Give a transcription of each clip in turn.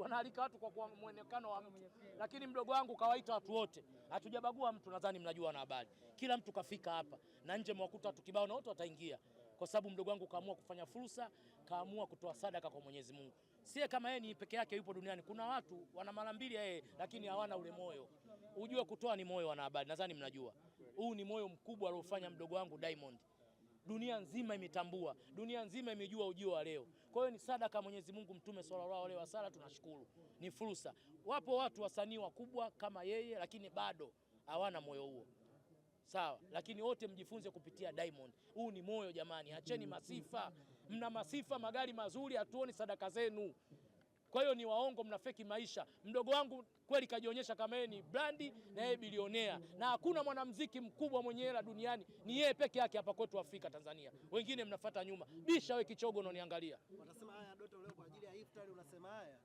wanaalika watu kwa muonekano wa mtu, lakini mdogo wangu kawaita watu wote, hatujabagua mtu. Nadhani mnajua na habari, kila mtu kafika hapa na nje mwakuta watu kibao na wote wataingia kwa sababu mdogo wangu kaamua kufanya fursa, kaamua kutoa sadaka kwa Mwenyezi Mungu. Sie kama yeye ni peke yake yupo duniani, kuna watu wana mara mbili yeye, lakini hawana ule moyo. Ujue kutoa ni moyo, wanahabari, nadhani mnajua huu ni moyo mkubwa aliofanya mdogo wangu Diamond dunia nzima imetambua, dunia nzima imejua ujio wa leo. Kwa hiyo ni sadaka Mwenyezi Mungu Mtume sallallahu alaihi wasallam, tunashukuru ni fursa. Wapo watu wasanii wakubwa kama yeye, lakini bado hawana moyo huo sawa, lakini wote mjifunze kupitia Diamond. Huu ni moyo jamani, acheni masifa. Mna masifa magari mazuri, hatuoni sadaka zenu. Kwa hiyo ni waongo, mnafeki maisha. Mdogo wangu kweli kajionyesha kama yeye ni brandi na yeye bilionea, na hakuna mwanamuziki mkubwa mwenye hela duniani ni yeye peke yake hapa kwetu Afrika Tanzania, wengine mnafata nyuma. Bisha we kichogo, unaniangalia wanasema haya Doto leo kwa ajili ya iftari, unasema haya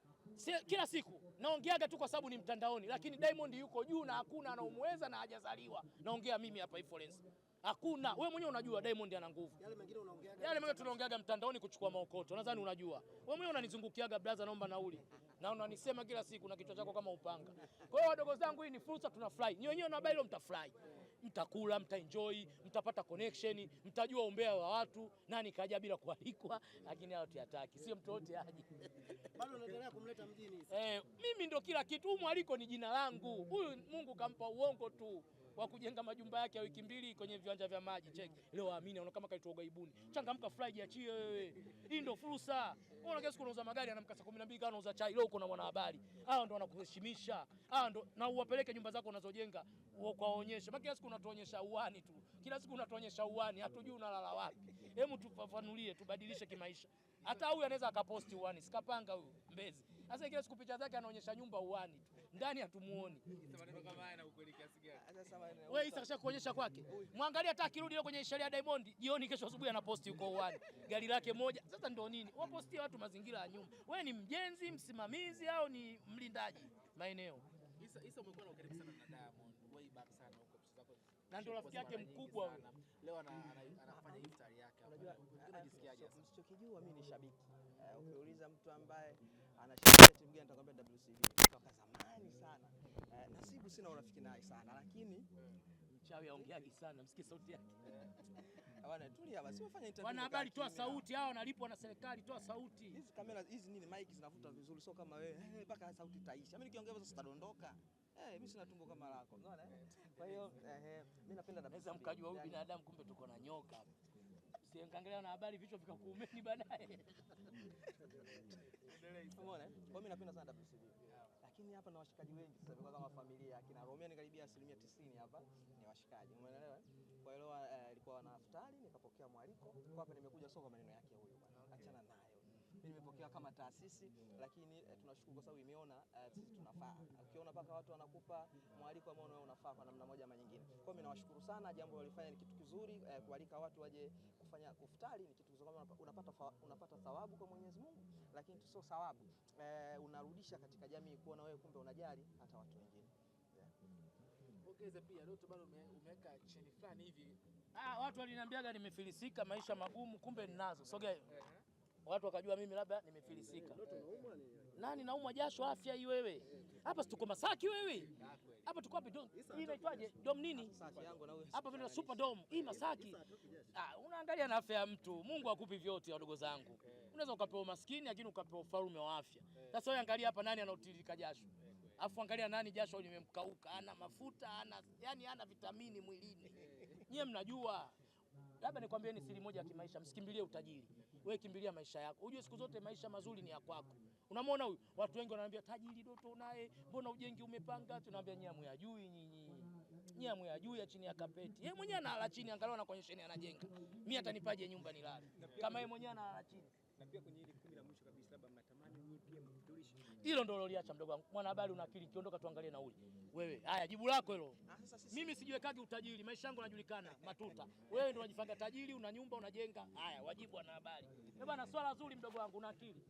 kila siku naongeaga tu kwa sababu ni mtandaoni, lakini Diamond yuko juu na hakuna anaomweza na hajazaliwa. Naongea mimi hapa Iforensi. Hakuna. Wewe mwenyewe unajua Diamond ana nguvu. Yale mengine unaongeaga. Yale mengine tunaongeaga mtandaoni kuchukua maokoto. Nadhani unajua. Wewe mwenyewe unanizungukiaga brother, naomba nauli. Na unanisema kila siku na kichwa chako kama upanga. Kwa hiyo wadogo zangu, hii ni fursa tuna tunafurahi. Nyinyi wenyewe na bailo mtafurahi. Mtakula, mta enjoy, mtapata connection, mtajua umbea wa watu, nani kaja bila kualikwa, lakini hao tuyataki. Sio mtu wote aje. Bado unaendelea kumleta mjini. Eh, mimi ndo kila kitu. Huu mwaliko ni jina langu. Huyu Mungu kampa uongo tu wa kujenga majumba yake ya wiki mbili kwenye viwanja vya maji. Cheki leo waamini anaona kama kalitoa gaibuni. Changamka fly jiachie wewe. Hii ndio fursa. Unaona kesi kunauza magari anamkasa 12 kana uza chai leo na mwanahabari. Hao ndo wanakuheshimisha. Hao ndo na uwapeleke nyumba zako unazojenga ukawaonyesha. Baki kila siku unatuonyesha uani tu. Kila siku unatuonyesha uani, hatujui unalala wapi. Hebu tufafanulie, tubadilishe kimaisha. Hata huyu anaweza akaposti uani, sikapanga huyu Mbezi. Sasa kila siku picha zake anaonyesha nyumba uani tu, ndani hatumuoni. Wewe Isa kasha kuonyesha kwake, mwangalia hata akirudi leo kwenye sheria ya Diamond jioni, kesho asubuhi anaposti yuko uani, gari lake moja. Sasa ndio nini wapostie watu mazingira ya nyumba? Wewe ni mjenzi, msimamizi au ni mlindaji maeneo? Isa, Isa umekuwa na ukaribu sana na Diamond way back sana huko picha zako. Na ndio rafiki yake mkubwa huyo. Leo anafanya iftari yake hapa. Unajisikiaje sasa? Msichokijua mimi ni shabiki. Eh, ukiuliza mtu ambaye anashinda timu gani? Nitakwambia WCB toka zamani sana. Eh, Nasibu sina urafiki naye sana lakini mchawi aongeaji sana, msikie sauti yake. Ah, bwana tulia basi, wafanya interview. Wana habari, toa sauti, hao wanalipwa na serikali, toa sauti. Hizi kamera hizi nini, mic zinavuta vizuri, sio kama wewe eh, mpaka sauti itaisha. Mimi nikiongea sasa tadondoka. Eh, mimi sina tumbo kama lako. Unaona? Kwa hiyo eh, eh mimi napenda. Naweza mkajua huyu binadamu kumbe tuko na nyoka. Usiangalia na habari vichwa vikakuumeni baadaye. Umeona? Kwa mimi napenda sana WCB. Lakini hapa na washikaji wengi sasa kwa kama familia akina Romeo ni karibia asilimia tisini hapa ni washikaji. Umeelewa? Kwa hiyo eh, ilikuwa na iftari nikapokea mwaliko. Kwa hapa nimekuja soko maneno yake huyo bwana. Achana nayo. Mimi nimepokea kama taasisi lakini eh, tunashukuru kwa sababu imeona eh, sisi tunafaa. Ukiona paka watu wanakupa mwaliko ambao unafaa kwa namna moja ama nyingine. Kwa hiyo mimi nawashukuru sana, jambo walifanya ni kitu kizuri kualika watu waje kufanya kuftari ni kitu unapata unapata thawabu kwa Mwenyezi Mungu, lakini sio thawabu e, unarudisha katika jamii kuona wewe kumbe unajali hata watu wengine yeah. pia bado umeweka cheni fulani hivi. Ah, watu waliniambiaga nimefilisika, maisha magumu, kumbe ninazo. Sogea hiyo eh, eh. watu wakajua mimi labda nimefilisika. Nani naumwa jasho, afya hii wewe? Hapa situko Masaki wewe. Ah, hapa tuko wapi? Hii inaitwaje? Dom nini? Hapa vile super dom. Hii Masaki. Ah, unaangalia na afya ya mtu. Mungu akupi vyote wadogo zangu. Eh. Unaweza ukapewa maskini lakini ukapewa ufalme wa afya. Eh. Sasa wewe angalia hapa nani anaotiririka jasho. Eh, Afu angalia nani jasho limemkauka, ana mafuta, ana yani ana vitamini mwilini. Nyie mnajua. Labda nikwambieni siri moja ya kimaisha, msikimbilie utajiri. Wewe kimbilia maisha yako. Ujue siku zote maisha mazuri ni ya kwako. Unamwona huyu, watu wengi wanaambia tajiri Doto naye mbona ujengi umepanga? Tunaambia nyinyi hamuyajui, nyinyi nyinyi nyamu ya juu ya chini ya kapeti. Yeye mwenyewe analala chini, angalau anakuonyesheni anajenga. Mimi atanipaje nyumba nilale kama yeye mwenyewe analala chini? na pia kwenye hili kumi la mwisho kabisa, labda mnatamani nyinyi pia mtulishe hilo. Ndio loliacha mdogo wangu mwanahabari, una akili. Kiondoka tuangalie nauli. Wewe haya, jibu lako hilo. Ah, Mimi sijiwekagi utajiri, maisha yangu yanajulikana matuta. Wewe ndio unajifanga tajiri, una nyumba unajenga. Haya, wajibu wanahabari eh bwana, swala zuri mdogo wangu, una akili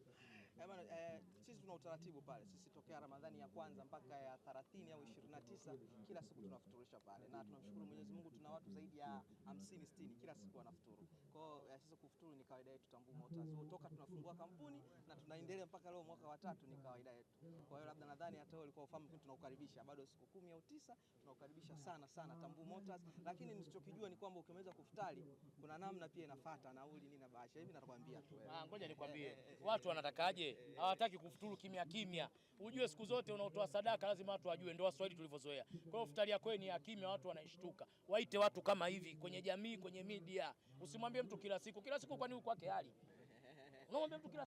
eh, sisi tuna utaratibu pale. Sisi tokea Ramadhani ya kwanza mpaka ya 30 au 29 kila siku tunafuturisha pale, na tunamshukuru Mwenyezi Mungu, tuna watu zaidi ya 50 60 kila siku wanafuturu. Kwa hiyo eh, sisi kufuturu ni kawaida yetu Tambu Motors. So, toka tunafunga kuendelea mpaka leo mwaka wa tatu ni kawaida yetu. Kwa hiyo labda nadhani hata wewe ulikuwa ufahamu, tunaukaribisha bado siku kumi au tisa, tunaukaribisha sana sana Tambu Motors, lakini nilichokijua ni kwamba ukimaliza kufutari kuna namna pia inafuata nauli nini na bahasha hivi, natakwambia tu wewe. Ah, ngoja nikwambie eh, eh, eh, watu wanatakaje, hawataki kufuturu kimya kimya. Ujue siku zote unaotoa sadaka lazima watu wajue, ndio Waswahili tulivyozoea. Kwa hiyo futari ya kweli ni ya kimya, watu wanaishtuka. Waite watu kama hivi kwenye jamii, kwenye media, usimwambie mtu kila siku kila siku, kwani uko kwake hali unamwambia mtu kila